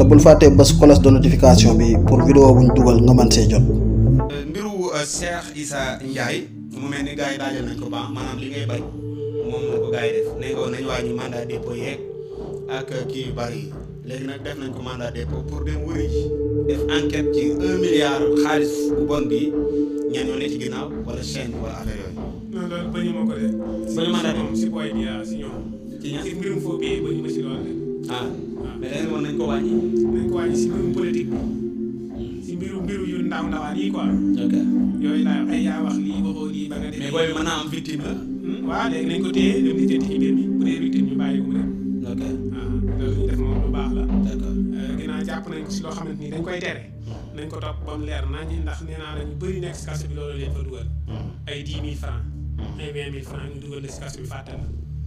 te bul fàttee bés cloche de notification bi pour vidéo buñ dugal nga mën see jot. mbiru euh, Cheikh Issa Ndiaye mu mel ni gars yi daajal ko baax maanaam li ngay bañ moom la ko gars def nee ko nañ wàññi mandat ak kii bari léegi nag def nañ ko mandat dépôt pour dem wëri ji def enquête ci un milliard xaalis bu bon bi ñenn ñoo ne ci ginnaaw wala chaîne wala affaire yooyu. Ah, ah mais léegi nañ ko wàññi. nañ ko wàññi si mbirum politique si mbiru mbiru yu ndaw ndawaan yi quoi. ok yooyu laa ay yaa wax lii waxoo lii ba nga. Hmm? nañ ko téye dem di jënd ci mbir mi bu ah, moom lu baax la. d'accord euh, a jàpp nañ ko si ni dañ koy tere. nañ ko topp ba mu leer ndax nee naa la ñu bëri nekk si kaso bi loolu leen fa dugal. Hmm. ay dix mille francs ay vingt ñu dugal la si kaso bi fàttal la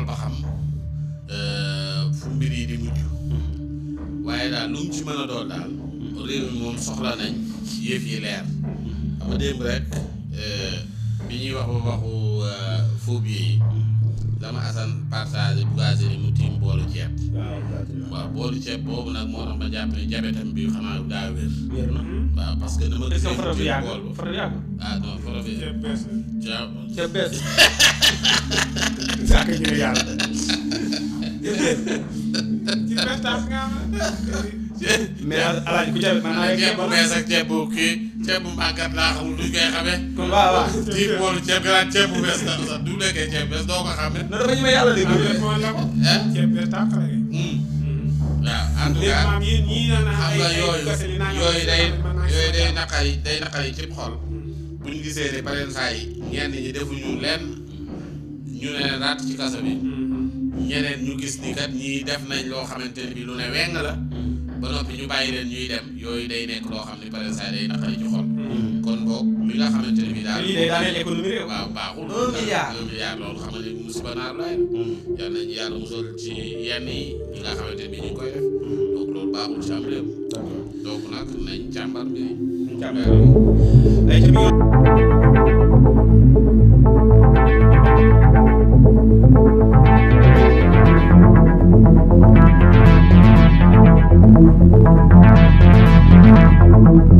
xool ba xam euh, fu mbir yi di mujj mm-hmm. waaye daal lu ci mën a doon daal réew mi moom soxla nañ yëf yi leer mm-hmm. ama démb rek euh, bi ñuy wax ba waxu euh, phobie mm-hmm. dama asan partage waaw boolu ceeb boobu nag moo tax ma jàpp ne jabetam xanaa daa wér. waaw parce que dama. gis ah, nga bu bees ak ceeb bu kii ceeb bu màggat laa xamul duñ boolu ceeb bu bees la sax du lekkee ceeb bees doo ko xamee. non dafa ñu may yàlla dégg. ceeb bees tàq rek. en tout cas yooyu yooyu day yooyu day naqari day naqari xol mm. bu ñu gisee ne pareen saa yi ñenn ñi defuñu lenn ñu ne raat ci kaso bi mm-hmm. ñeneen ñu gis ni kat ñii def nañ loo xamante ni bi lu ne weng la ba noppi ñu bàyyi leen ñuy dem yooyu day nekk loo xam ne pareen saa day naqari ci xol mm-hmm. kon boog li nga xamante ne bii daal. lii day daaneel économie réew. waaw baaxul. un milliard un milliard loolu xam nga ne musiba naar laay la. Mm. yal nañu yàlla musal ci yenn yi ñi nga xamante ne bii ñu ngi koy def. donc loolu baaxul ci am réew. donc nag nañ càmbar bi. càmbar bi. Thank you.